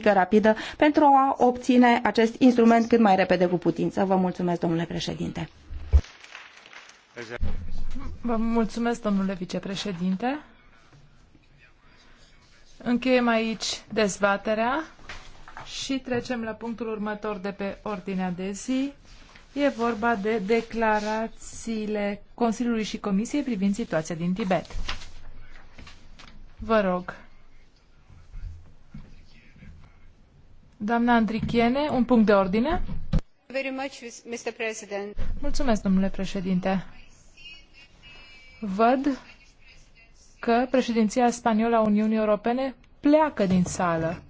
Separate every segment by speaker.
Speaker 1: tehnică rapidă, pentru a obține acest instrument cât mai repede cu putință. Vă mulțumesc, domnule președinte.
Speaker 2: Vă mulțumesc, domnule vicepreședinte. Încheiem aici dezbaterea și trecem la punctul următor de pe ordinea de zi. E vorba de declarațiile Consiliului și Comisiei privind situația din Tibet. Vă rog. Doamna Andrichiene, un punct de ordine. Mulțumesc, domnule președinte. Văd că președinția spaniolă a Uniunii Europene pleacă din sală.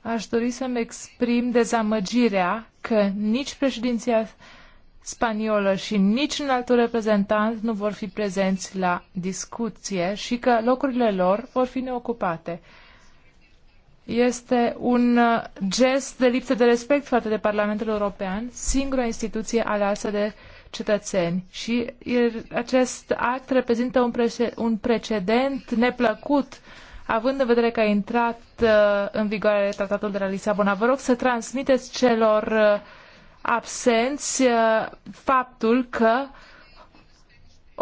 Speaker 2: Aș dori să-mi exprim dezamăgirea că nici președinția spaniolă și nici un alt reprezentant nu vor fi prezenți la discuție și că locurile lor vor fi neocupate este un uh, gest de lipsă de respect față de Parlamentul European, singura instituție aleasă de cetățeni. Și acest act reprezintă un, prece- un precedent neplăcut, având în vedere că a intrat uh, în vigoare tratatul de la Lisabona. Vă rog să transmiteți celor uh, absenți faptul că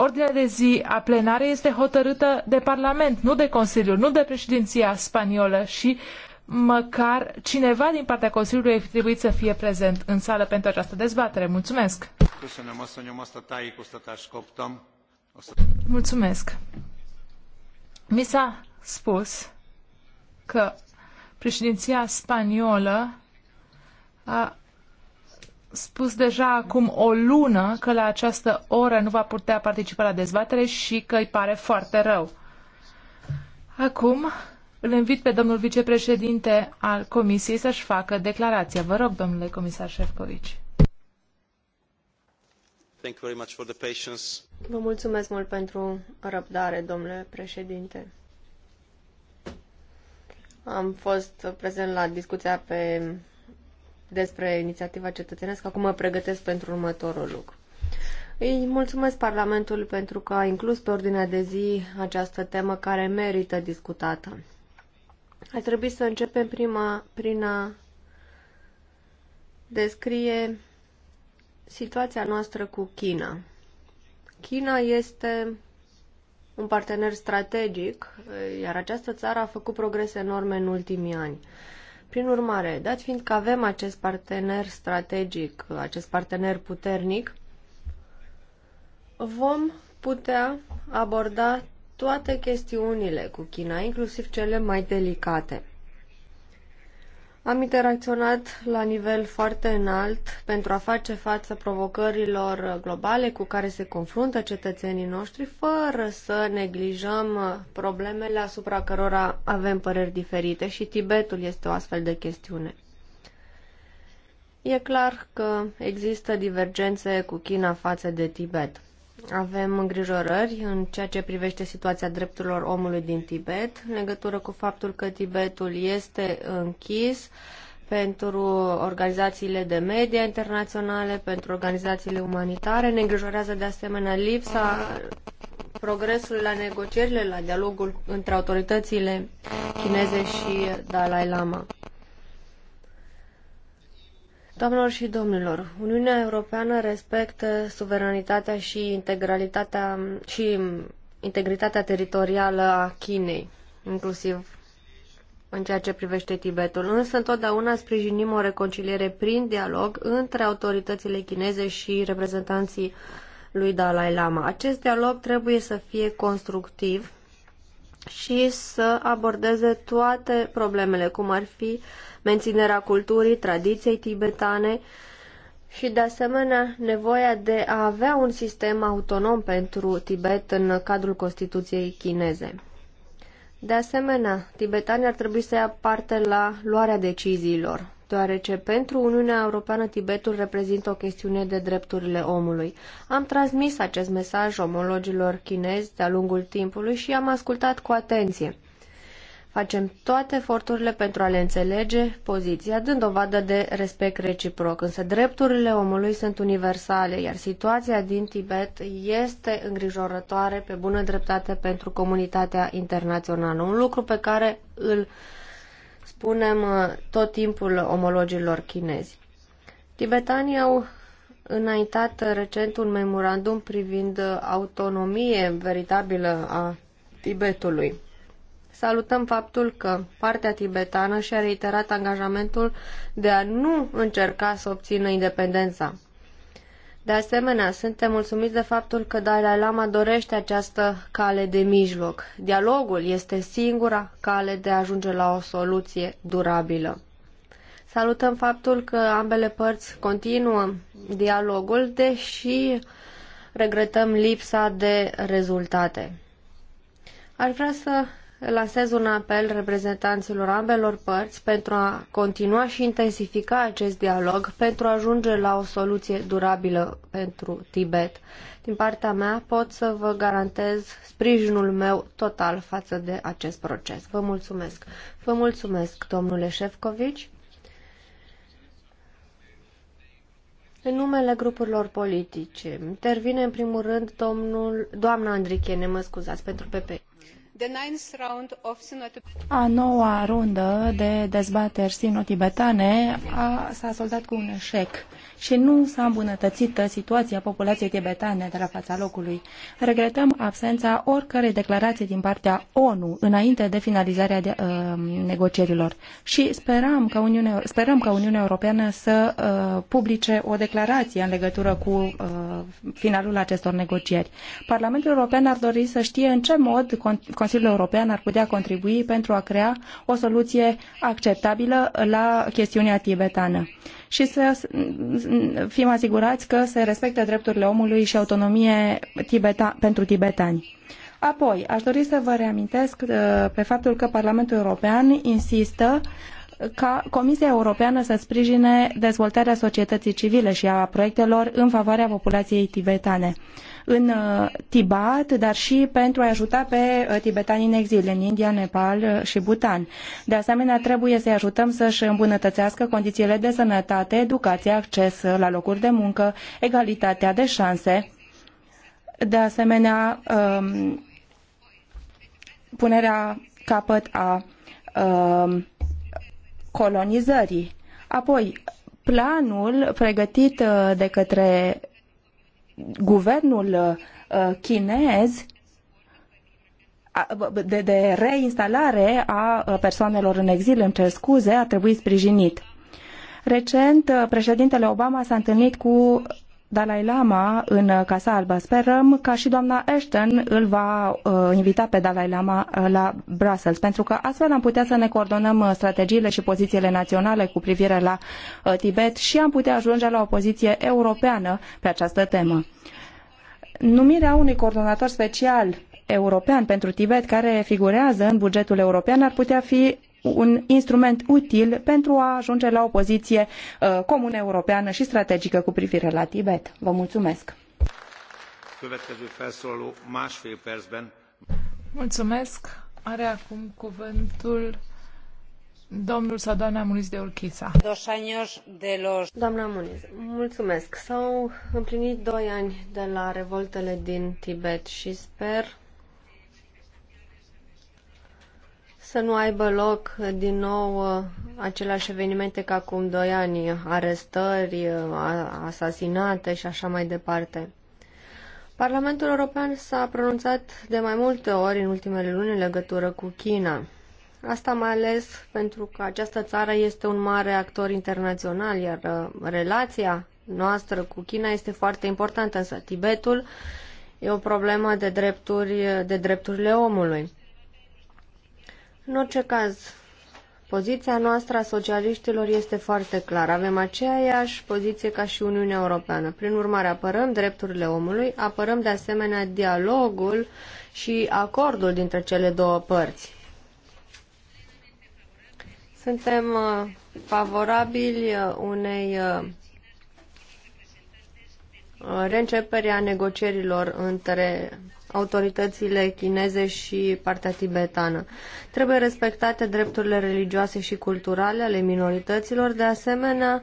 Speaker 2: Ordinea de zi a plenarei este hotărâtă de Parlament, nu de Consiliu, nu de președinția spaniolă și măcar cineva din partea Consiliului ar fi trebuit să fie prezent în sală pentru această dezbatere. Mulțumesc!
Speaker 3: Mulțumesc!
Speaker 2: Mi s-a spus că președinția spaniolă a spus deja acum o lună că la această oră nu va putea participa la dezbatere și că îi pare foarte rău. Acum îl invit pe domnul vicepreședinte al Comisiei să-și facă declarația. Vă rog, domnule comisar Șefcovici.
Speaker 4: Vă mulțumesc mult pentru răbdare, domnule președinte. Am fost prezent la discuția pe despre inițiativa cetățenească, acum mă pregătesc pentru următorul lucru. Îi mulțumesc Parlamentului pentru că a inclus pe ordinea de zi această temă care merită discutată. Ar trebui să începem prima, prin a descrie situația noastră cu China. China este un partener strategic, iar această țară a făcut progrese enorme în ultimii ani. Prin urmare, dat fiind că avem acest partener strategic, acest partener puternic, vom putea aborda toate chestiunile cu China, inclusiv cele mai delicate. Am interacționat la nivel foarte înalt pentru a face față provocărilor globale cu care se confruntă cetățenii noștri, fără să neglijăm problemele asupra cărora avem păreri diferite și Tibetul este o astfel de chestiune. E clar că există divergențe cu China față de Tibet avem îngrijorări în ceea ce privește situația drepturilor omului din Tibet, în legătură cu faptul că Tibetul este închis pentru organizațiile de media internaționale, pentru organizațiile umanitare. Ne îngrijorează de asemenea lipsa progresului la negocierile, la dialogul între autoritățile chineze și Dalai Lama. Doamnelor și domnilor, Uniunea Europeană respectă suveranitatea și integralitatea și integritatea teritorială a Chinei, inclusiv în ceea ce privește Tibetul, însă întotdeauna sprijinim o reconciliere prin dialog între autoritățile chineze și reprezentanții lui Dalai Lama. Acest dialog trebuie să fie constructiv și să abordeze toate problemele, cum ar fi menținerea culturii, tradiției tibetane și, de asemenea, nevoia de a avea un sistem autonom pentru Tibet în cadrul Constituției chineze. De asemenea, tibetanii ar trebui să ia parte la luarea deciziilor deoarece pentru Uniunea Europeană Tibetul reprezintă o chestiune de drepturile omului. Am transmis acest mesaj omologilor chinezi de-a lungul timpului și am ascultat cu atenție. Facem toate eforturile pentru a le înțelege poziția, dând dovadă de respect reciproc, însă drepturile omului sunt universale, iar situația din Tibet este îngrijorătoare pe bună dreptate pentru comunitatea internațională, un lucru pe care îl spunem uh, tot timpul omologilor chinezi. Tibetanii au înaintat recent un memorandum privind autonomie veritabilă a Tibetului. Salutăm faptul că partea tibetană și-a reiterat angajamentul de a nu încerca să obțină independența. De asemenea, suntem mulțumiți de faptul că Dalai Lama dorește această cale de mijloc. Dialogul este singura cale de a ajunge la o soluție durabilă. Salutăm faptul că ambele părți continuă dialogul, deși regretăm lipsa de rezultate. Aș vrea să lansez un apel reprezentanților ambelor părți pentru a continua și intensifica acest dialog pentru a ajunge la o soluție durabilă pentru Tibet. Din partea mea pot să vă garantez sprijinul meu total față de acest proces. Vă mulțumesc. Vă mulțumesc, domnule Șefcovici. În numele grupurilor politice, intervine în primul rând domnul, doamna Andrichene, mă scuzați pentru PP.
Speaker 1: A noua rundă de dezbateri sino-tibetane s-a soldat cu un eșec și nu s-a îmbunătățit situația populației tibetane de la fața locului. Regretăm absența oricărei declarații din partea ONU înainte de finalizarea de, uh, negocierilor și sperăm ca, Uniunea, sperăm Uniunea Europeană să uh, publice o declarație în legătură cu uh, finalul acestor negocieri. Parlamentul European ar dori să știe în ce mod con- Consiliul European ar putea contribui pentru a crea o soluție acceptabilă la chestiunea tibetană și să fim asigurați că se respectă drepturile omului și autonomie tibeta- pentru tibetani. Apoi, aș dori să vă reamintesc uh, pe faptul că Parlamentul European insistă ca Comisia Europeană să sprijine dezvoltarea societății civile și a proiectelor în favoarea populației tibetane în uh, Tibet, dar și pentru a ajuta pe uh, tibetanii în exil în India, Nepal uh, și Bhutan. De asemenea, trebuie să-i ajutăm să-și îmbunătățească condițiile de sănătate, educație, acces la locuri de muncă, egalitatea de șanse. De asemenea, um, punerea capăt a um, colonizării. Apoi, planul pregătit uh, de către guvernul uh, chinez de, de reinstalare a uh, persoanelor în exil, îmi cer scuze, a trebuit sprijinit. Recent, președintele Obama s-a întâlnit cu Dalai Lama în Casa Albă. Sperăm ca și doamna Ashton îl va uh, invita pe Dalai Lama uh, la Brussels, pentru că astfel am putea să ne coordonăm uh, strategiile și pozițiile naționale cu privire la Tibet și am putea ajunge la o poziție europeană pe această temă. Numirea unui coordonator special european pentru Tibet, care figurează în bugetul european, ar putea fi un instrument util pentru a ajunge la o poziție uh, comună europeană și strategică cu privire la Tibet. Vă mulțumesc!
Speaker 2: Mulțumesc! Are acum cuvântul Domnul sau doamna Muniz de Urchița. Dos años de los... Doamna Muniz, mulțumesc. S-au
Speaker 4: împlinit doi ani de la revoltele din Tibet și sper să nu aibă loc din nou uh, aceleași evenimente ca acum doi ani, arestări, uh, asasinate și așa mai departe. Parlamentul European s-a pronunțat de mai multe ori în ultimele luni în legătură cu China. Asta mai ales pentru că această țară este un mare actor internațional, iar uh, relația noastră cu China este foarte importantă, însă Tibetul e o problemă de, drepturi, de drepturile omului. În orice caz, poziția noastră a socialiștilor este foarte clară. Avem aceeași poziție ca și Uniunea Europeană. Prin urmare, apărăm drepturile omului, apărăm de asemenea dialogul și acordul dintre cele două părți. Suntem uh, favorabili uh, unei uh, reînceperea negocierilor între autoritățile chineze și partea tibetană. Trebuie respectate drepturile religioase și culturale ale minorităților, de asemenea,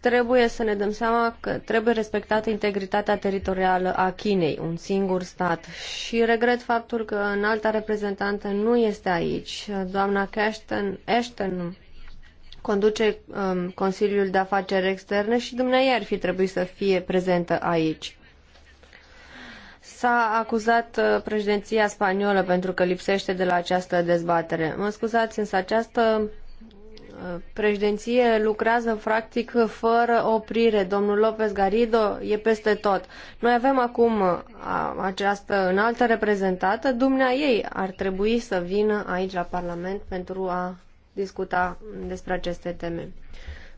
Speaker 4: trebuie să ne dăm seama că trebuie respectată integritatea teritorială a Chinei, un singur stat. Și regret faptul că alta reprezentantă nu este aici. Doamna Ashton, Ashton conduce um, Consiliul de Afaceri Externe și dumneavoastră ar fi trebuit să fie prezentă aici. S-a acuzat uh, președinția spaniolă pentru că lipsește de la această dezbatere. Mă scuzați, însă această uh, președinție lucrează practic fără oprire. Domnul López Garrido e peste tot. Noi avem acum uh, această înaltă reprezentată. Dumnea ei ar trebui să vină aici la Parlament pentru a discuta despre aceste teme.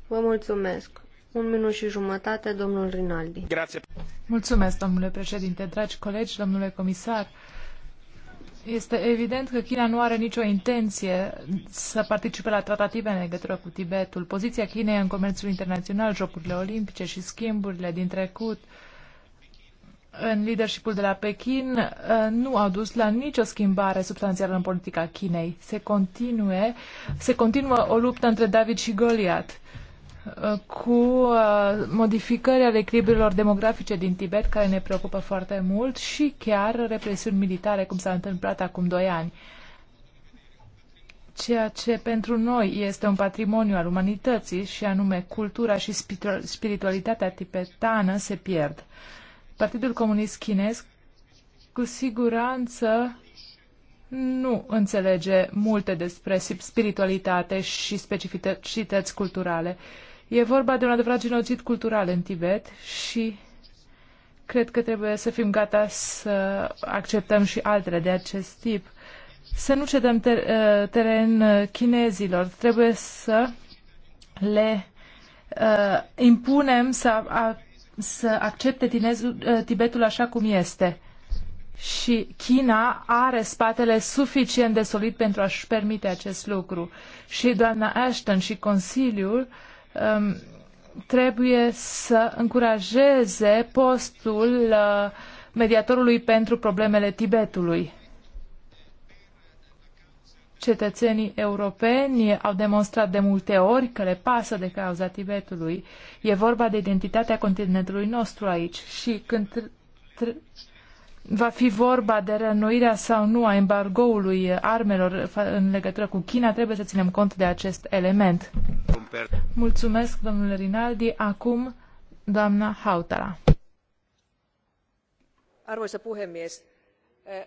Speaker 4: Vă mulțumesc. Un minut și jumătate, domnul
Speaker 2: Rinaldi. Grație. Mulțumesc, domnule președinte, dragi colegi, domnule comisar. Este evident că China nu are nicio intenție să participe la tratative în legătură cu Tibetul. Poziția Chinei în comerțul internațional, jocurile olimpice și schimburile din trecut uh, în leadershipul de la Pekin uh, nu au dus la nicio schimbare substanțială în politica Chinei. Se, continue, se continuă o luptă între David și Goliat uh, cu uh, modificări ale echilibrilor demografice din Tibet, care ne preocupă foarte mult, și chiar represiuni militare, cum s-a întâmplat acum doi ani. Ceea ce pentru noi este un patrimoniu al umanității, și anume cultura și spiritualitatea tibetană, se pierd. Uh, Partidul Comunist Chinez cu siguranță nu înțelege multe despre spiritualitate și specificități culturale. E vorba de un adevărat genocid cultural în Tibet și cred că trebuie să fim gata să acceptăm și altele de acest tip. Să nu cedăm ter ă, teren chinezilor. Trebuie să le uh, impunem să să accepte tinezul, uh, Tibetul așa cum este. Și China are spatele suficient de solid pentru a-și permite acest lucru. Și doamna Ashton și Consiliul um, trebuie să încurajeze postul uh, mediatorului pentru problemele Tibetului. Cetățenii europeni au demonstrat de multe ori că le pasă de cauza Tibetului. E vorba de identitatea continentului nostru aici și când va fi vorba de reînnoirea sau nu a embargoului armelor în legătură cu China, trebuie să ținem cont de acest element. Mulțumesc, domnule Rinaldi. Acum, doamna
Speaker 1: Hautala. Eh,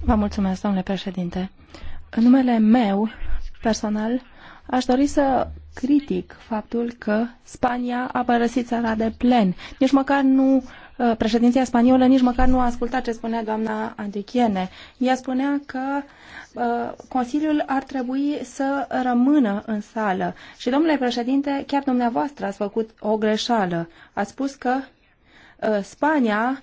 Speaker 1: Vă mulțumesc, domnule președinte. În numele meu, personal, aș dori să critic faptul că Spania a părăsit țara de plen. Nici măcar nu uh, președinția spaniolă nici măcar nu a ascultat ce spunea doamna Andrichiene. Ea spunea că uh, Consiliul ar trebui să rămână în sală. Și, domnule președinte, chiar dumneavoastră ați făcut o greșeală. Ați spus că uh, Spania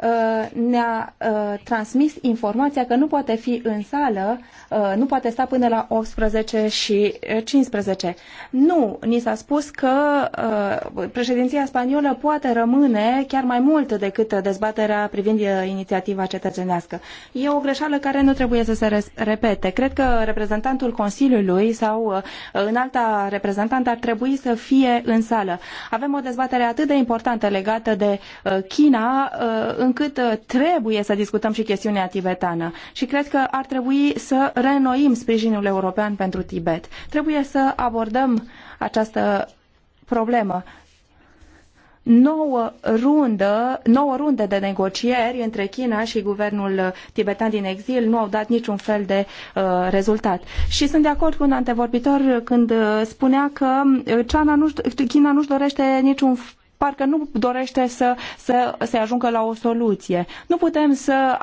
Speaker 1: Uh, ne-a uh, transmis informația că nu poate fi în sală, uh, nu poate sta până la 18 și 15. Nu, ni s-a spus că președinția spaniolă poate rămâne chiar mai mult decât dezbaterea privind inițiativa cetățenească. E o greșeală care nu trebuie să se repete. Cred că reprezentantul Consiliului sau în alta reprezentant ar trebui să fie în sală. Avem o dezbatere atât de importantă legată de China încât uh, trebuie să discutăm și chestiunea tibetană și cred că ar trebui să reînnoim sprijinul european pentru Tibet. Trebuie să abordăm această problemă nouă, rundă, nouă runde de negocieri între China și guvernul tibetan din exil nu au dat niciun fel de uh, rezultat. Și sunt de acord cu un antevorbitor când uh, spunea că uh, China nu-și, China nu-și dorește niciun parcă nu dorește să, să se ajungă la o soluție. Nu putem să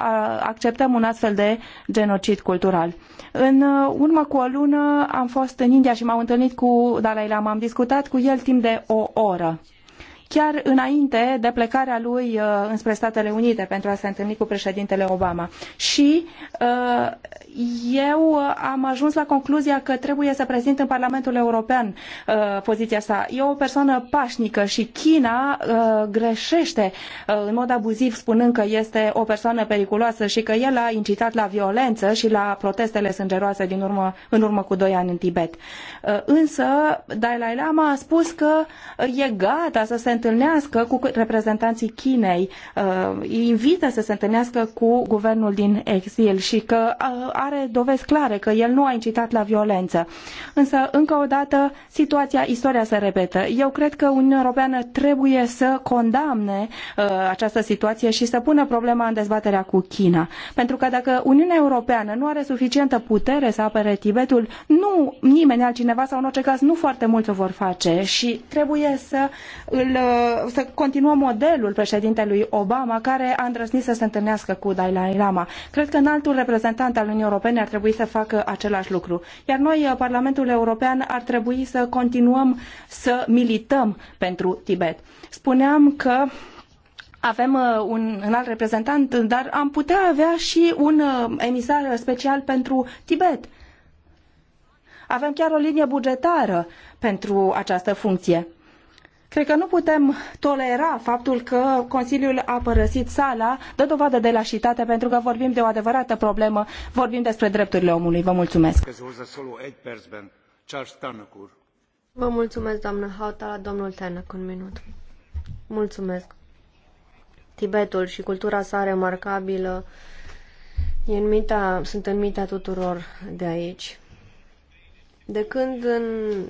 Speaker 1: acceptăm un astfel de genocid cultural. În uh, urmă cu o lună am fost în India și m-am întâlnit cu Dalai Lama. Am discutat cu el timp de o oră chiar înainte de plecarea lui uh, înspre Statele Unite pentru a se întâlni cu președintele Obama. Și uh, eu am ajuns la concluzia că trebuie să prezint în Parlamentul European uh, poziția sa. E o persoană pașnică și China greșește în mod abuziv spunând că este o persoană periculoasă și că el a incitat la violență și la protestele sângeroase din urmă, în urmă cu doi ani în Tibet. Însă Dalai Lama a spus că e gata să se întâlnească cu reprezentanții Chinei, uh, îi invită să se întâlnească cu guvernul din exil și că uh, are dovezi clare că el nu a incitat la violență. Însă, încă o dată, situația, istoria se repetă. Eu cred că Uniunea Europeană trebuie să condamne uh, această situație și să pună problema în dezbaterea cu China. Pentru că dacă Uniunea Europeană nu are suficientă putere să apere Tibetul, nu nimeni altcineva sau în orice caz nu foarte mult o vor face și trebuie să îl Uh, să continuăm modelul președintelui Obama care a îndrăznit să se întâlnească cu Dalai Lama. Cred că înaltul reprezentant al Uniunii Europene ar trebui să facă același lucru. Iar noi, uh, Parlamentul European, ar trebui să continuăm să milităm pentru Tibet. Spuneam că avem uh, un, un alt reprezentant, dar am putea avea și un emisar special pentru Tibet. Avem chiar o linie bugetară pentru această funcție. Cred că nu putem tolera faptul că Consiliul a părăsit sala, dă dovadă de lașitate, pentru că vorbim de o adevărată problemă, vorbim despre drepturile omului. Vă mulțumesc. Vă mulțumesc, doamnă
Speaker 4: Hautala, domnul Tenac, un minut. Mulțumesc. Tibetul și cultura sa remarcabilă e în sunt în mintea tuturor de aici. De când, în,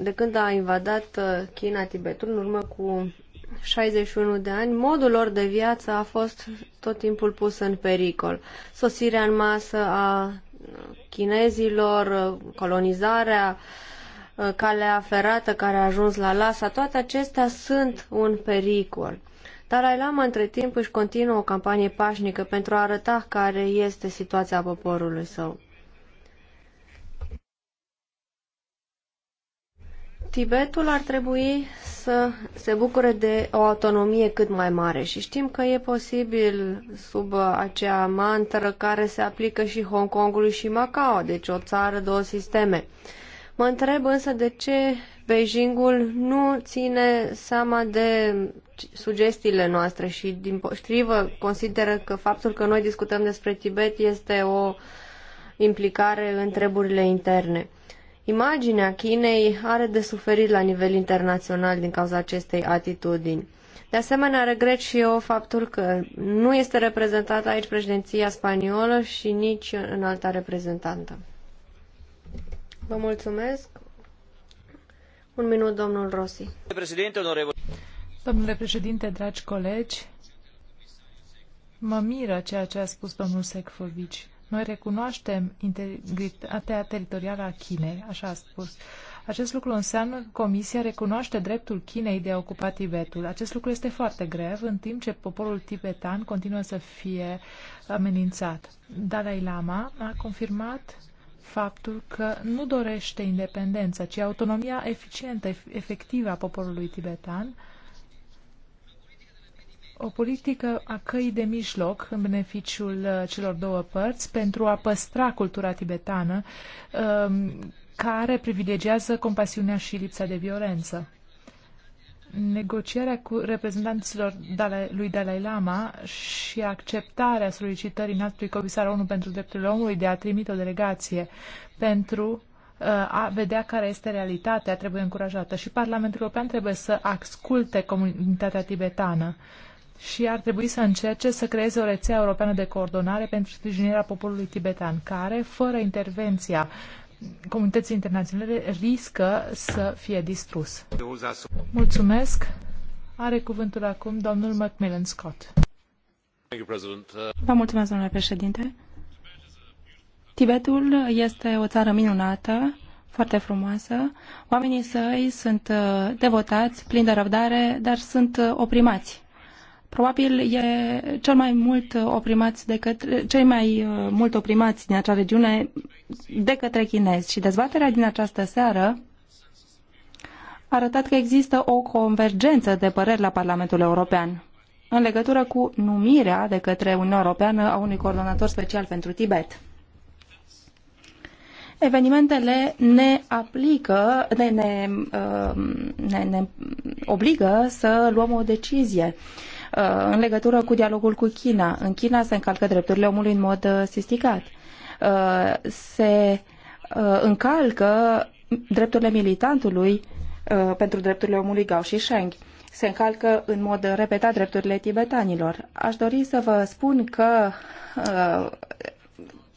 Speaker 4: de când a invadat uh, China Tibetul, în urmă cu 61 de ani, modul lor de viață a fost tot timpul pus în pericol. Sosirea în masă a uh, chinezilor, uh, colonizarea, calea ferată care a ajuns la Lasa, toate acestea sunt un pericol. Dalai Lama între timp își continuă o campanie pașnică pentru a arăta care este situația poporului său. Tibetul ar trebui să se bucure de o autonomie cât mai mare și știm că e posibil sub acea mantră care se aplică și Hong Kongului și Macao, deci o țară, două sisteme. Mă întreb însă de ce Beijingul nu ține seama de sugestiile noastre și din poștrivă consideră că faptul că noi discutăm despre Tibet este o implicare în treburile interne. Imaginea Chinei are de suferit la nivel internațional din cauza acestei atitudini. De asemenea, regret și eu faptul că nu este reprezentată aici președinția spaniolă și nici în alta reprezentantă. Vă mulțumesc.
Speaker 2: Un minut, domnul Rossi. Domnule președinte, dragi colegi, mă miră ceea ce a spus domnul Secfovici. Noi recunoaștem integritatea teritorială a Chinei, așa a spus. Acest lucru înseamnă că Comisia recunoaște dreptul Chinei de a ocupa Tibetul. Acest lucru este foarte greu, în timp ce poporul tibetan continuă să fie amenințat. Dalai Lama a confirmat faptul că nu dorește independența, ci autonomia eficientă, efectivă a poporului tibetan, o politică a căii de mijloc în beneficiul uh, celor două părți pentru a păstra cultura tibetană um, care privilegiază compasiunea și lipsa de violență. Negocierea cu reprezentanților lui Dalai Lama și acceptarea solicitării înaltului comisar ONU pentru drepturile omului de a trimite o delegație pentru uh, a vedea care este realitatea trebuie încurajată și Parlamentul European trebuie să asculte comunitatea tibetană și ar trebui să încerce să creeze o rețea europeană de coordonare pentru sprijinirea poporului tibetan, care, fără intervenția comunității internaționale, riscă să fie distrus. Mulțumesc. Are cuvântul acum domnul
Speaker 1: Macmillan Scott. Vă mulțumesc, domnule președinte. Tibetul este o țară minunată, foarte frumoasă. Oamenii săi sunt uh, devotați, plini de răbdare, dar sunt uh, oprimați probabil e cel mai mult oprimați de către, cei mai uh, mult oprimați din acea regiune de către chinezi. Și dezbaterea din această seară a arătat că există o convergență de păreri la Parlamentul European în legătură cu numirea de către Uniunea Europeană a unui coordonator special pentru Tibet. Evenimentele ne aplică, ne, ne, uh, ne, ne obligă să luăm o decizie. Uh, Uh, în legătură cu dialogul cu China. În China se încalcă drepturile omului în mod uh, sistigat. Uh, se încalcă drepturile militantului pentru drepturile omului Gao și Sheng se încalcă în mod repetat drepturile tibetanilor. Aș dori să vă spun că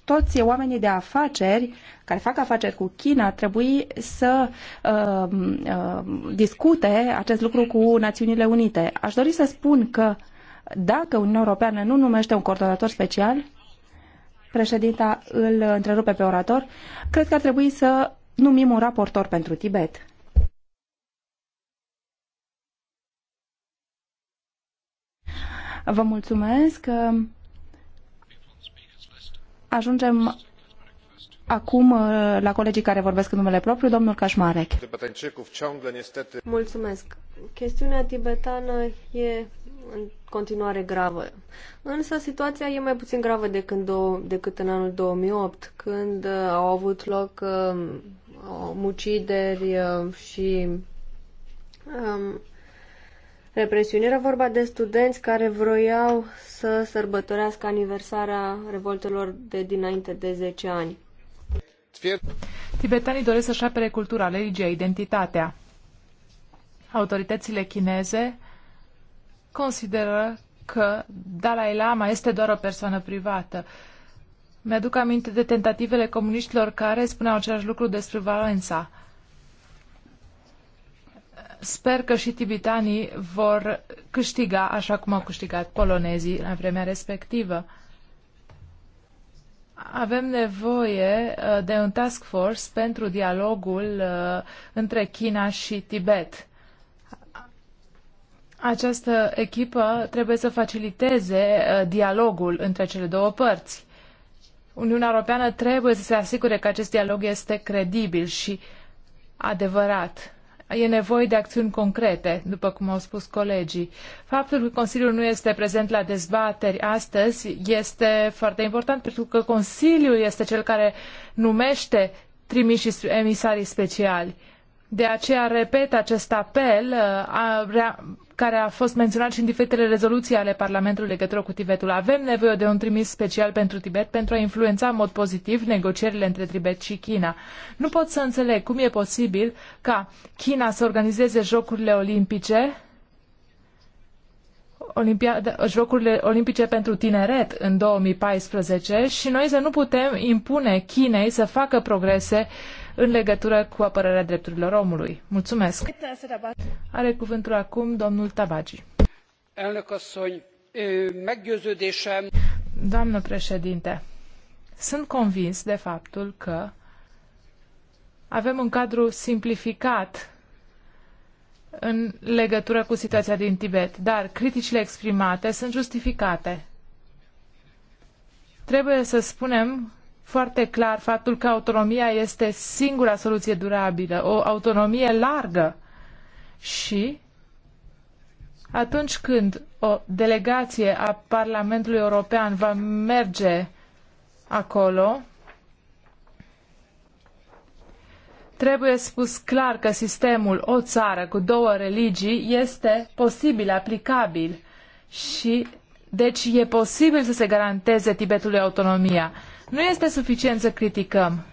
Speaker 1: toți oamenii de afaceri care fac afaceri cu China trebuie să uh, uh, discute acest lucru cu Națiunile Unite. Aș dori să spun că dacă Uniunea Europeană nu numește un coordonator special, președinta îl întrerupe pe orator, cred că ar trebui să numim un raportor pentru Tibet. Vă mulțumesc. Ajungem acum uh, la colegii care vorbesc în numele propriu, domnul Cașmarec.
Speaker 4: Mulțumesc. Chestiunea tibetană e în continuare gravă. Însă situația e mai puțin gravă decât, dou- decât în anul 2008, când uh, au avut loc uh, mucideri uh, și um, represiune. Era vorba de studenți care vroiau să sărbătorească aniversarea revoltelor de dinainte
Speaker 2: de 10 ani. Tibetanii doresc să-și apere cultura, religia, identitatea. Autoritățile chineze consideră că Dalai Lama este doar o persoană privată. Mi-aduc aminte de tentativele comuniștilor care spuneau același lucru despre Valența. Sper că și tibitanii vor câștiga așa cum au câștigat polonezii la vremea respectivă. Avem nevoie uh, de un task force pentru dialogul uh, între China și Tibet. Această echipă trebuie să faciliteze uh, dialogul între cele două părți. Uniunea Europeană trebuie să se asigure că acest dialog este credibil și adevărat e nevoie de acțiuni concrete, după cum au spus colegii. Faptul că Consiliul nu este prezent la dezbateri astăzi este foarte important, pentru că Consiliul este cel care numește trimișii emisarii speciali. De aceea repet acest apel uh, a, care a fost menționat și în diferitele rezoluții ale Parlamentului legătură cu Tibetul. Avem nevoie de un trimis special pentru Tibet pentru a influența în mod pozitiv negocierile între Tibet și China. Nu pot să înțeleg cum e posibil ca China să organizeze Jocurile Olimpice olimpia, Jocurile Olimpice pentru Tineret în 2014 și noi să nu putem impune Chinei să facă progrese uh, în legătură cu apărarea drepturilor omului. Mulțumesc! Are cuvântul acum domnul Tabagi. Doamnă președinte, sunt convins de faptul că avem un cadru simplificat în legătură cu situația din Tibet, dar criticile exprimate sunt justificate. Trebuie să spunem foarte clar faptul că autonomia este singura soluție durabilă, o autonomie largă. Și atunci când o delegație a Parlamentului European va merge acolo, Trebuie spus clar că sistemul o țară cu două religii este posibil, aplicabil și deci e posibil să se garanteze Tibetului autonomia. Nu este suficient să criticăm.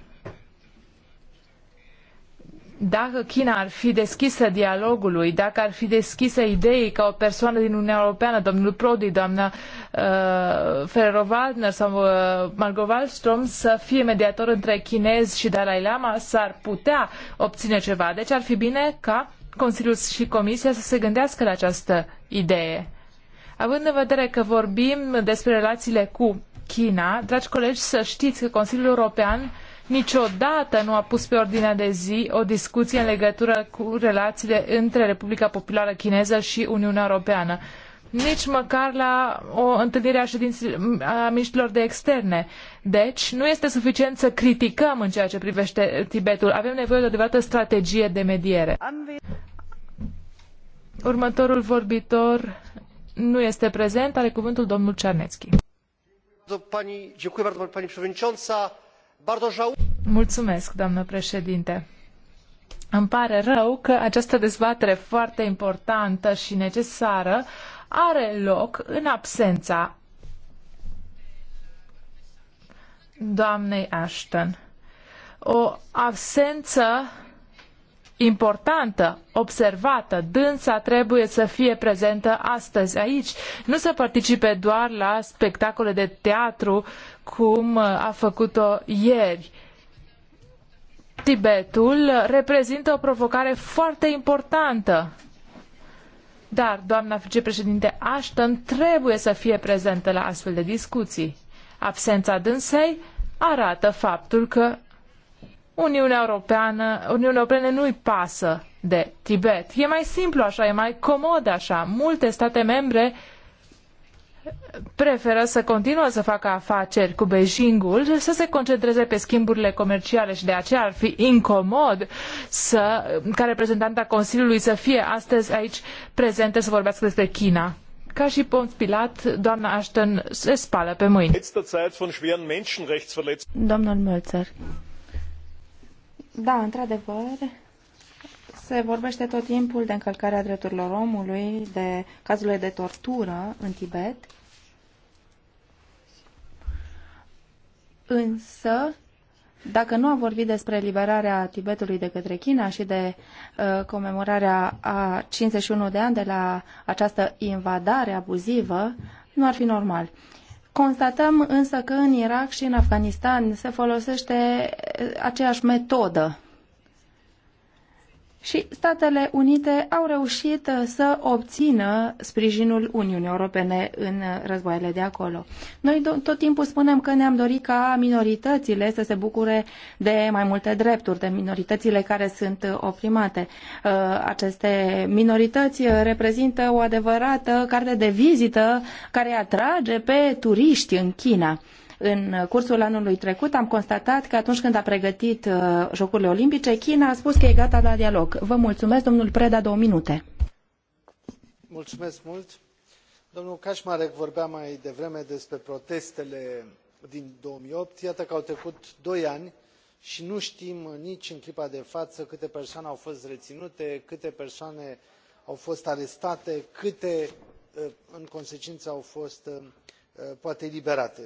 Speaker 2: Dacă China ar fi deschisă dialogului, dacă ar fi deschisă ideii ca o persoană din Uniunea Europeană, domnul Prodi, doamna uh, Ferrero-Waldner sau uh, Margot Wallström, să fie mediator între chinezi și Dalai Lama, s-ar putea obține ceva. Deci ar fi bine ca Consiliul și Comisia să se gândească la această idee. Având în vedere că vorbim despre relațiile cu China. Dragi colegi, să știți că Consiliul European niciodată nu a pus pe ordinea de zi o discuție în legătură cu relațiile între Republica Populară Chineză și Uniunea Europeană. Nici măcar la o întâlnire a, a de externe. Deci, nu este suficient să criticăm în ceea ce privește Tibetul. Avem nevoie de o adevărată strategie de mediere. Următorul vorbitor nu este prezent. Are cuvântul domnul Cernețchi. Mulțumesc, doamnă președinte. Îmi pare rău că această dezbatere foarte importantă și necesară are loc în absența doamnei Ashton. O absență importantă, observată, dânsa trebuie să fie prezentă astăzi aici, nu să participe doar la spectacole de teatru cum uh, a făcut-o ieri. Tibetul reprezintă o provocare foarte importantă. Dar doamna vicepreședinte Ashton trebuie să fie prezentă la astfel de discuții. Absența dânsei arată faptul că Uniunea Europeană, Uniunea Europeană nu-i pasă de Tibet. E mai simplu așa, e mai comod așa. Multe state membre preferă să continuă să facă afaceri cu Beijingul, să se concentreze pe schimburile comerciale și de aceea ar fi incomod să, ca reprezentanta Consiliului să fie astăzi aici prezentă să vorbească despre China. Ca și Pont Pilat, doamna Ashton se spală pe mâini.
Speaker 1: Domnul Mölzer, da, într-adevăr, se vorbește tot timpul de încălcarea drepturilor omului, de cazurile de tortură în Tibet. Însă, dacă nu a vorbit despre liberarea Tibetului de către China și de uh, comemorarea a 51 de ani de la această invadare abuzivă, nu ar fi normal. Constatăm însă că în Irak și în Afganistan se folosește aceeași metodă și Statele Unite au reușit uh, să obțină sprijinul Uniunii Europene în uh, războaiele de acolo. Noi tot timpul spunem că ne-am dorit ca minoritățile să se bucure de mai multe drepturi, de minoritățile care sunt uh, oprimate. Aceste minorități reprezintă o adevărată carte de vizită care atrage pe turiști în China în cursul anului trecut am constatat că atunci când a pregătit uh, Jocurile Olimpice, China a spus că e gata la dialog. Vă mulțumesc, domnul Preda, două minute.
Speaker 3: Mulțumesc mult. Domnul Kaczmarek vorbea mai devreme despre protestele din 2008. Iată că au trecut doi ani și nu știm nici în clipa de față câte persoane au fost reținute, câte persoane au fost arestate, câte uh, în consecință au fost uh, poate eliberate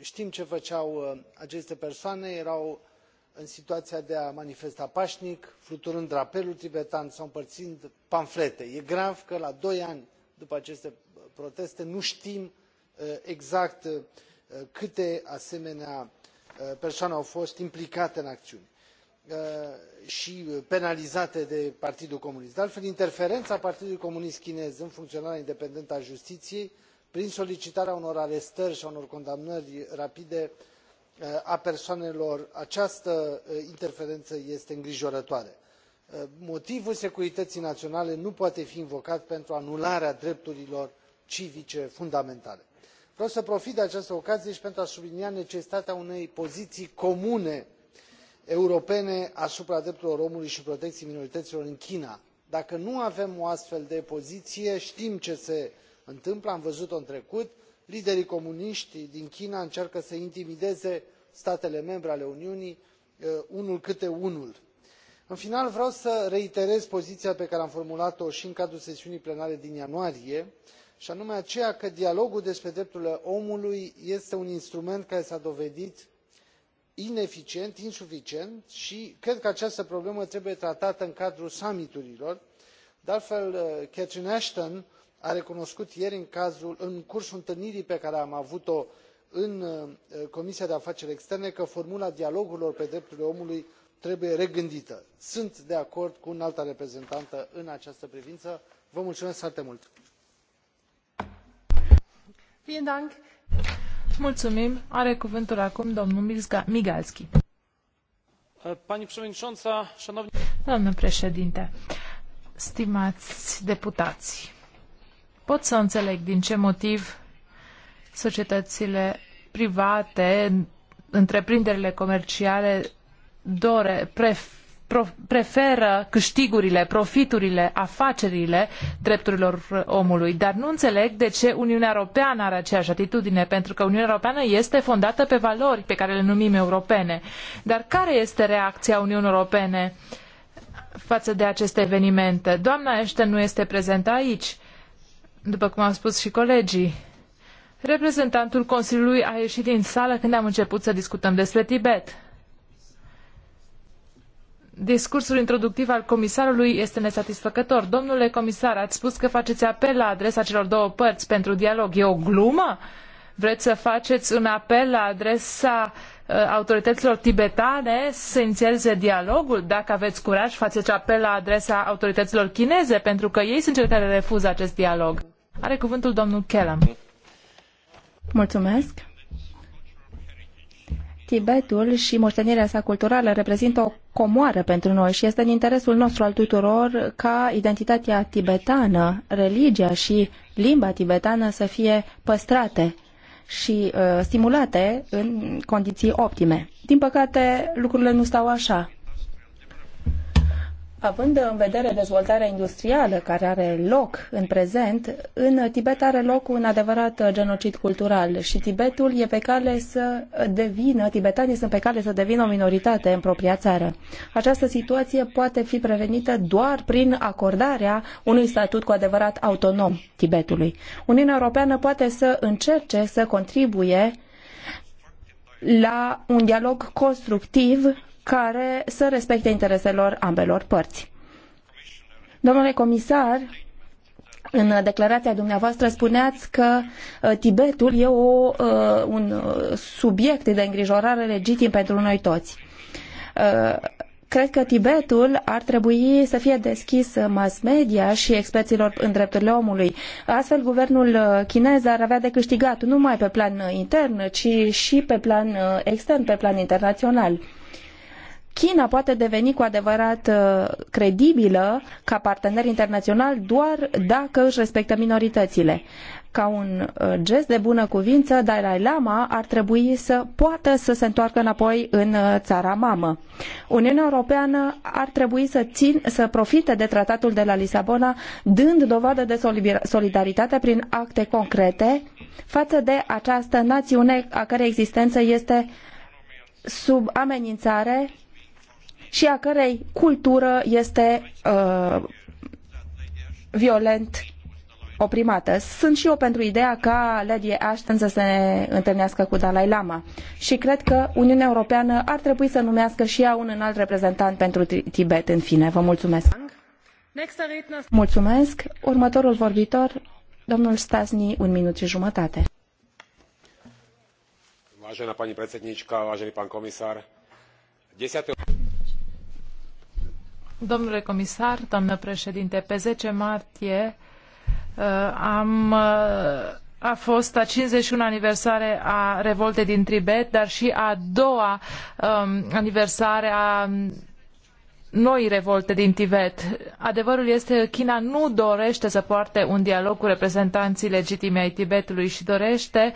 Speaker 3: știm ce făceau uh, aceste persoane erau în situația de a manifesta pașnic fluturând drapelul tibetan sau împărțind pamflete. e grav că la doi ani după aceste uh, proteste nu știm uh, exact câte asemenea persoane au fost implicate în acțiuni și penalizate de partidul comunist. de altfel interferența partidului comunist chinez în funcționarea independentă a justiției prin solicitarea unor arestări și a unor condamnări rapide eh, a persoanelor această eh, interferență este îngrijorătoare. Eh, motivul securității naționale nu poate fi invocat pentru anularea drepturilor civice fundamentale. vreau să profit de această ocazie și pentru a sublinia necesitatea unei poziții comune europene asupra drepturilor omului și protecției minorităților în china. dacă nu avem o astfel de poziție știm ce se întâmplă am văzut o în trecut liderii comuniști din china încearcă să intimideze statele membre ale uniunii uh, unul câte unul. în final vreau să reiterez poziția pe care am formulat o i în cadrul sesiunii plenare din ianuarie și anume aceea că dialogul despre drepturile omului este un instrument care s a dovedit ineficient insuficient și cred că această problemă trebuie tratată în cadrul summiturilor. de altfel uh, catherine ashton a recunoscut ieri în cursul întâlnirii pe care am avut o în uh, comisia pentru afaceri externe că formula dialogurilor pe drepturile omului trebuie regândită. sunt de acord cu înalta reprezentantă în această privință. vă mulțumesc foarte mult.
Speaker 2: Mulțumim. Are cuvântul acum domnul Migalski.
Speaker 3: Uh,
Speaker 2: Doamnă președinte, stimați deputați, pot să înțeleg din ce motiv societățile private, întreprinderile comerciale dore, pref, pro, preferă câștigurile, profiturile, afacerile drepturilor omului. Dar nu înțeleg de ce Uniunea Europeană are aceeași atitudine, pentru că Uniunea Europeană este fondată pe valori pe care le numim europene. Dar care este reacția Uniunii Europene față de aceste evenimente? Doamna Ashton nu este prezentă aici. Uh, după cum au spus și colegii. Reprezentantul Consiliului a ieșit din sală când am început să discutăm despre Tibet. Discursul introductiv al comisarului este nesatisfăcător. Domnule comisar, ați spus că faceți apel la adresa celor două părți pentru dialog. E o glumă? Vreți să faceți un apel la adresa uh, autorităților tibetane să inițieze dialogul? Dacă aveți curaj, faceți apel la adresa autorităților chineze, pentru că ei sunt cei care refuză acest dialog. Are cuvântul domnul Kellam.
Speaker 1: Mulțumesc. Tibetul și moștenirea sa culturală reprezintă o comoară pentru noi și este în interesul nostru al tuturor ca identitatea tibetană, religia și limba tibetană să fie păstrate și uh, stimulate în condiții optime. Din păcate, lucrurile nu stau așa. Având în vedere dezvoltarea industrială care are loc în prezent, în Tibet are loc un adevărat uh, genocid cultural și Tibetul e pe cale să devină, tibetanii sunt pe cale să devină o minoritate în propria țară. Această situație poate fi prevenită doar prin acordarea unui statut cu adevărat autonom Tibetului. Uniunea Europeană poate să încerce să contribuie la un dialog constructiv care să respecte intereselor ambelor părți. Domnule comisar, în declarația dumneavoastră spuneați că uh, Tibetul e o, uh, un uh, subiect de îngrijorare legitim pentru noi toți. Cred că Tibetul ar trebui să fie deschis mass media și experților în drepturile omului. Astfel, guvernul chinez ar avea de câștigat nu numai pe plan intern, ci și pe plan extern, pe plan internațional China poate deveni cu adevărat uh, credibilă ca partener internațional doar dacă își respectă minoritățile. Ca un uh, gest de bună cuvință, Dalai Lama ar trebui să poată să se întoarcă înapoi în uh, țara mamă. Uniunea Europeană ar trebui să, țin, să profite de tratatul de la Lisabona, dând dovadă de solidaritate prin acte concrete față de această națiune a cărei existență este sub amenințare și a cărei cultură este uh, violent oprimată. Sunt și eu pentru ideea ca Lady Ashton să se întâlnească cu Dalai Lama și cred că Uniunea Europeană ar trebui să numească și ea un înalt reprezentant pentru Tibet în fine. Vă mulțumesc! Mulțumesc! Următorul vorbitor, domnul Stasni, un minut și jumătate.
Speaker 3: Vážená pani predsedníčka, vážený pán komisár, 10.
Speaker 2: Domnule comisar, doamnă președinte, pe 10 martie uh, am, uh, a fost a 51 aniversare a revoltei din Tibet, dar și a doua um, aniversare a noi revolte din Tibet. Adevărul este că China nu dorește să poarte un dialog cu reprezentanții legitimi ai Tibetului și dorește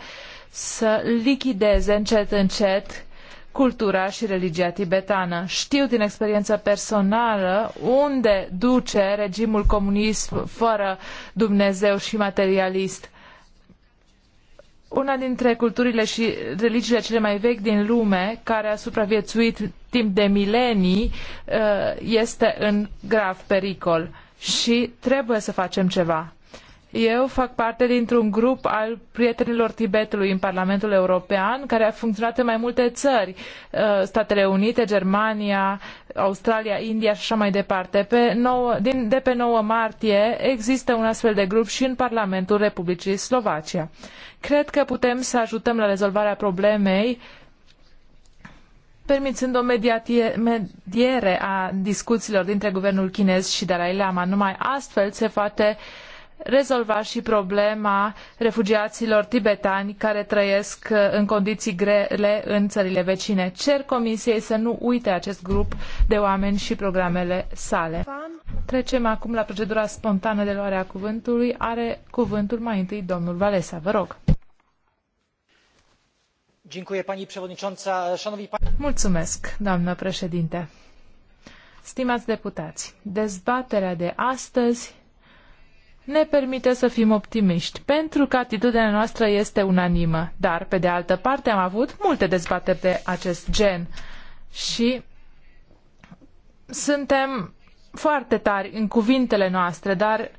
Speaker 2: să lichideze încet încet cultura și religia tibetană. Știu din experiență personală unde duce regimul comunism fără Dumnezeu și materialist. Una dintre culturile și religiile cele mai vechi din lume, care a supraviețuit timp de milenii, uh, este în grav pericol și trebuie să facem ceva. Eu fac parte dintr-un grup al prietenilor Tibetului în Parlamentul European, care a funcționat în mai multe țări, uh, Statele Unite, Germania, Australia, India și așa mai departe. Pe 9, din, de pe 9 martie există un astfel de grup și în Parlamentul Republicii Slovacia. Cred că putem să ajutăm la rezolvarea problemei permițând o mediere a discuțiilor dintre guvernul chinez și Dalai Lama. Numai astfel se poate rezolva și problema refugiaților tibetani care trăiesc uh, în condiții grele în țările vecine. Cer Comisiei să nu uite acest grup de oameni și programele sale. Trecem acum la procedura spontană de luare a cuvântului. Are cuvântul mai întâi domnul Valesa. Vă rog. Mulțumesc, doamnă președinte. Stimați deputați, dezbaterea de astăzi ne permite să fim optimiști, pentru că atitudinea noastră este unanimă. Dar, pe de altă parte, am avut multe dezbateri de acest gen și suntem foarte tari în cuvintele noastre, dar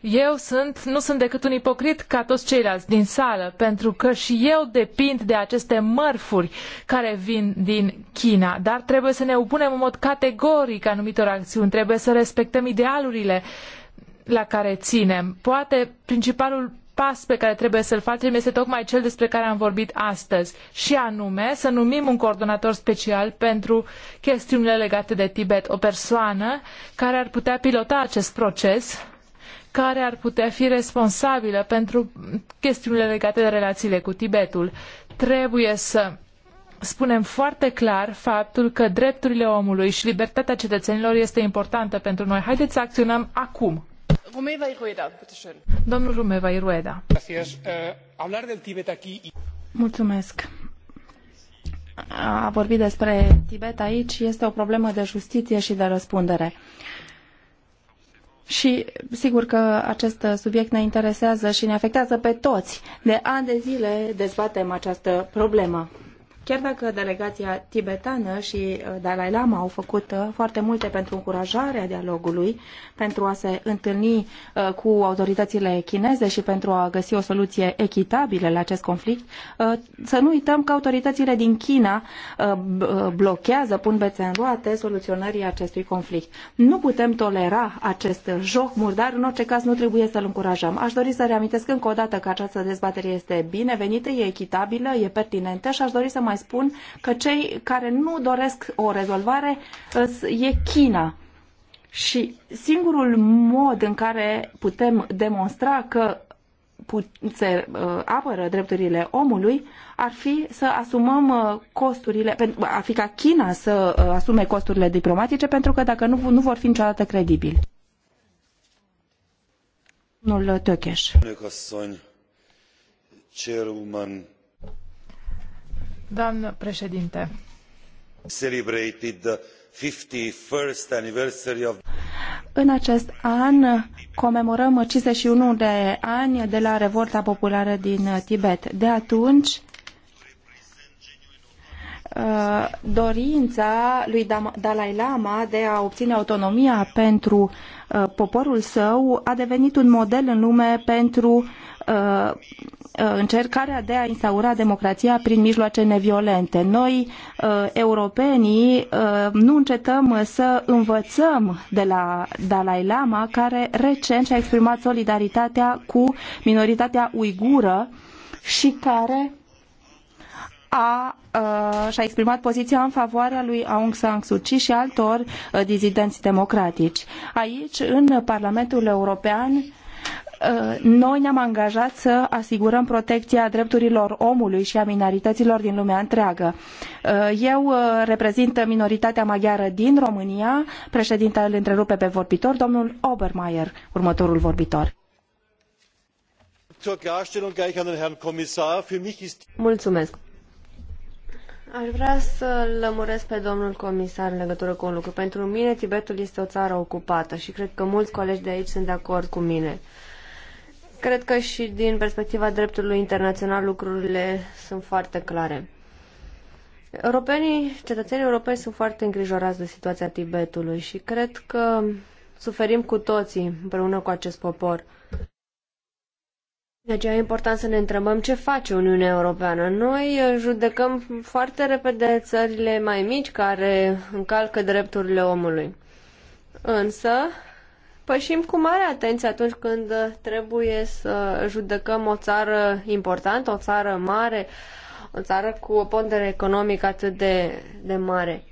Speaker 2: eu sunt, nu sunt decât un ipocrit ca toți ceilalți din sală, pentru că și eu depind de aceste mărfuri care vin din China. Dar trebuie să ne opunem în mod categoric anumitor acțiuni, trebuie să respectăm idealurile uh, la care ținem. Poate principalul pas pe care trebuie să-l facem este tocmai cel despre care am vorbit astăzi, și anume să numim un coordonator special pentru chestiunile legate de Tibet, o persoană care ar putea pilota acest proces, care ar putea fi responsabilă pentru chestiunile legate de relațiile cu Tibetul. Trebuie să spunem foarte clar faptul că drepturile omului și libertatea cetățenilor este importantă pentru noi. Haideți să acționăm acum.
Speaker 3: Romeva Irueda, Irueda. Eh,
Speaker 1: Mulțumesc. A vorbit despre Tibet aici este o problemă de justiție și de răspundere. Și sigur că acest subiect ne interesează și ne afectează pe toți. De ani de zile dezbatem această problemă. Chiar dacă delegația tibetană și uh, Dalai Lama au făcut uh, foarte multe pentru încurajarea dialogului, pentru a se întâlni uh, cu autoritățile chineze și pentru a găsi o soluție echitabilă la acest conflict, să nu uităm că autoritățile din China blochează, pun bețe în roate soluționării acestui conflict. Nu putem tolera acest joc murdar, în orice caz nu trebuie să-l încurajăm. Aș dori să reamintesc încă o dată că această dezbatere este binevenită, e echitabilă, e pertinentă și aș dori să mai mai spun că cei care nu doresc o rezolvare e China. Și singurul mod în care putem demonstra că se uh, apără drepturile omului ar fi să asumăm uh, costurile, ar fi ca China să uh, asume costurile diplomatice, pentru că dacă nu, nu vor fi niciodată credibili. Domnul Tökes.
Speaker 3: Elnök
Speaker 2: președinte,
Speaker 1: în acest an comemorăm 51 de ani de la revolta populară din Tibet. De atunci, Uh, dorința lui Dalai Lama de a obține autonomia pentru uh, poporul său a devenit un model în lume pentru uh, încercarea de a instaura democrația prin mijloace neviolente. Noi, europenii, nu încetăm să învățăm de la Dalai Lama, care recent și-a exprimat solidaritatea cu minoritatea uigură și care a, a și-a exprimat poziția în favoarea lui Aung San Suu Kyi și altor dizidenți democratici. Aici, în Parlamentul European, noi ne-am angajat să asigurăm protecția drepturilor omului și a minorităților din lumea întreagă. Eu reprezint minoritatea maghiară din România. Președintele îl întrerupe pe vorbitor, domnul Obermeier, următorul vorbitor. Mulțumesc.
Speaker 3: Aș vrea să
Speaker 4: lămuresc pe domnul comisar în legătură cu un lucru. Pentru mine, Tibetul este o țară ocupată și cred că mulți colegi de aici sunt de acord cu mine. Cred că și din perspectiva dreptului internațional lucrurile sunt foarte clare. Europenii, cetățenii europeni sunt foarte îngrijorați de situația Tibetului și cred că suferim cu toții împreună cu acest popor. De aceea e important să ne întrebăm ce face Uniunea Europeană. Noi eh, judecăm foarte repede țările mai mici care încalcă drepturile omului. Însă, pășim cu mare atenție atunci când trebuie să judecăm o țară importantă, o țară mare, o țară cu o pondere economică atât de, de mare.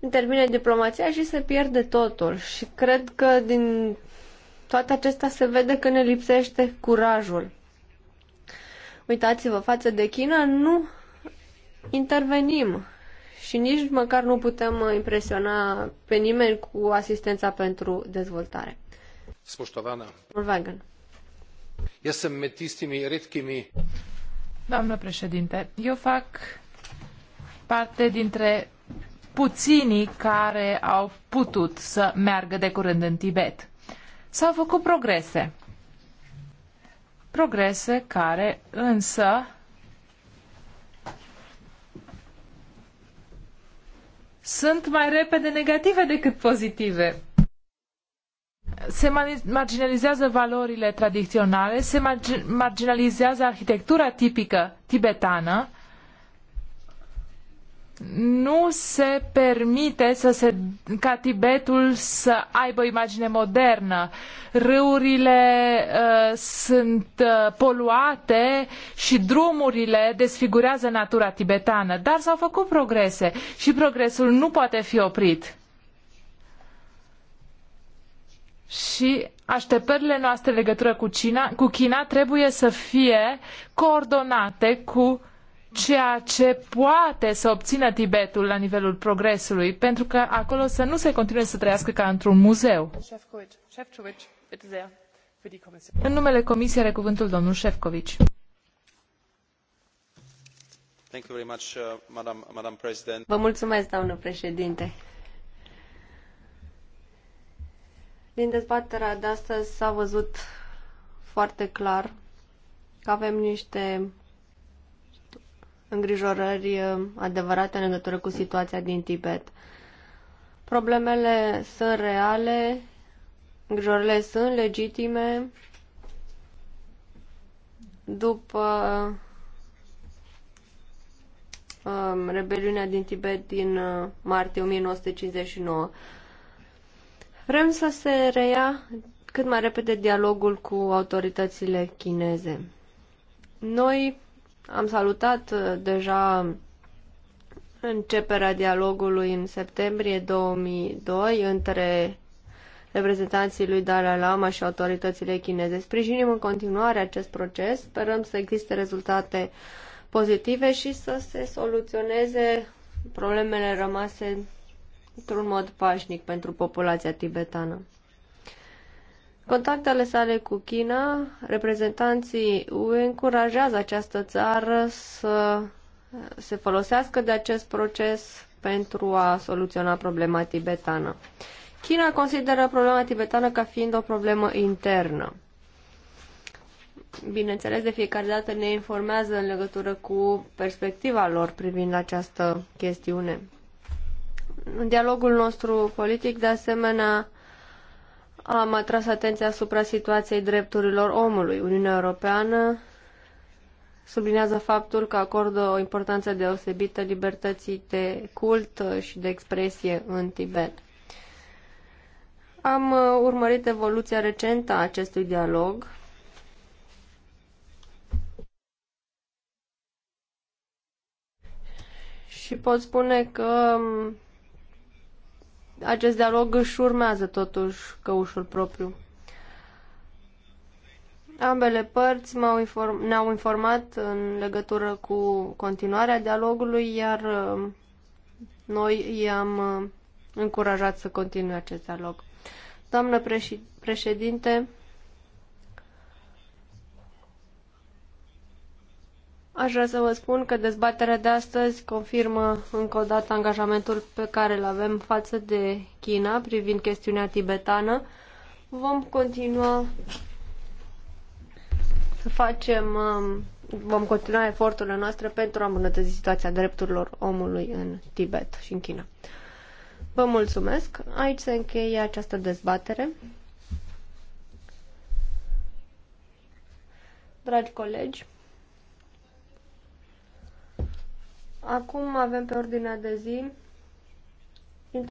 Speaker 4: Intervine diplomația și se pierde totul. Și cred că din toate acestea se vede că ne lipsește curajul. Uitați-vă, față de China nu intervenim și nici măcar nu putem impresiona pe nimeni cu asistența pentru
Speaker 2: dezvoltare.
Speaker 3: Spoștovana. Volkswagen. Eu sunt metistimi, redkimi...
Speaker 2: Doamnă președinte, eu fac parte dintre puținii care au putut să meargă de curând în Tibet. S-au făcut progrese. Progrese care însă sunt mai repede negative decât pozitive. Se marginalizează valorile tradiționale, se marginalizează arhitectura tipică tibetană, nu se permite să se, ca Tibetul să aibă imagine modernă. Râurile uh, sunt uh, poluate și drumurile desfigurează natura tibetană, dar s-au făcut progrese și progresul nu poate fi oprit. Și așteptările noastre legătură cu China, cu China trebuie să fie coordonate cu ceea ce poate să obțină Tibetul la nivelul progresului, pentru că acolo să nu se continue să trăiască ca într-un muzeu. În numele Comisiei are cuvântul domnul Șefcovici. Uh, Vă
Speaker 4: mulțumesc, doamnă președinte. Din dezbaterea de astăzi s-a văzut foarte clar că avem niște îngrijorări uh, adevărate în legătură cu situația din Tibet. Problemele sunt reale, îngrijorările sunt legitime. După um, rebeliunea din Tibet din uh, martie 1959, vrem să se reia cât mai repede dialogul cu autoritățile chineze. Noi am salutat uh, deja începerea dialogului în septembrie 2002 între reprezentanții lui Dalai Lama și autoritățile chineze. Sprijinim în continuare acest proces, sperăm să existe rezultate pozitive și să se soluționeze problemele rămase într-un mod pașnic pentru populația tibetană. Contactele sale cu China, reprezentanții UE încurajează această țară să se folosească de acest proces pentru a soluționa problema tibetană. China consideră problema tibetană ca fiind o problemă internă. Bineînțeles, de fiecare dată ne informează în legătură cu perspectiva lor privind această chestiune. În dialogul nostru politic, de asemenea, am atras atenția asupra situației drepturilor omului. Uniunea Europeană sublinează faptul că acordă o importanță deosebită libertății de cult și de expresie în Tibet. Am urmărit evoluția recentă a acestui dialog. Și pot spune că acest dialog își urmează totuși căușul propriu. Ambele părți m-au inform- ne-au informat în legătură cu continuarea dialogului, iar uh, noi i-am uh, încurajat să continue acest dialog. Doamnă președinte, Aș vrea să vă spun că dezbaterea de astăzi confirmă încă o dată angajamentul pe care îl avem față de China privind chestiunea tibetană. Vom continua să facem, um, vom continua eforturile noastre pentru a îmbunătăți situația drepturilor omului în Tibet și în China. Vă mulțumesc. Aici se încheie această dezbatere. Dragi colegi, Acum avem pe ordinea de zi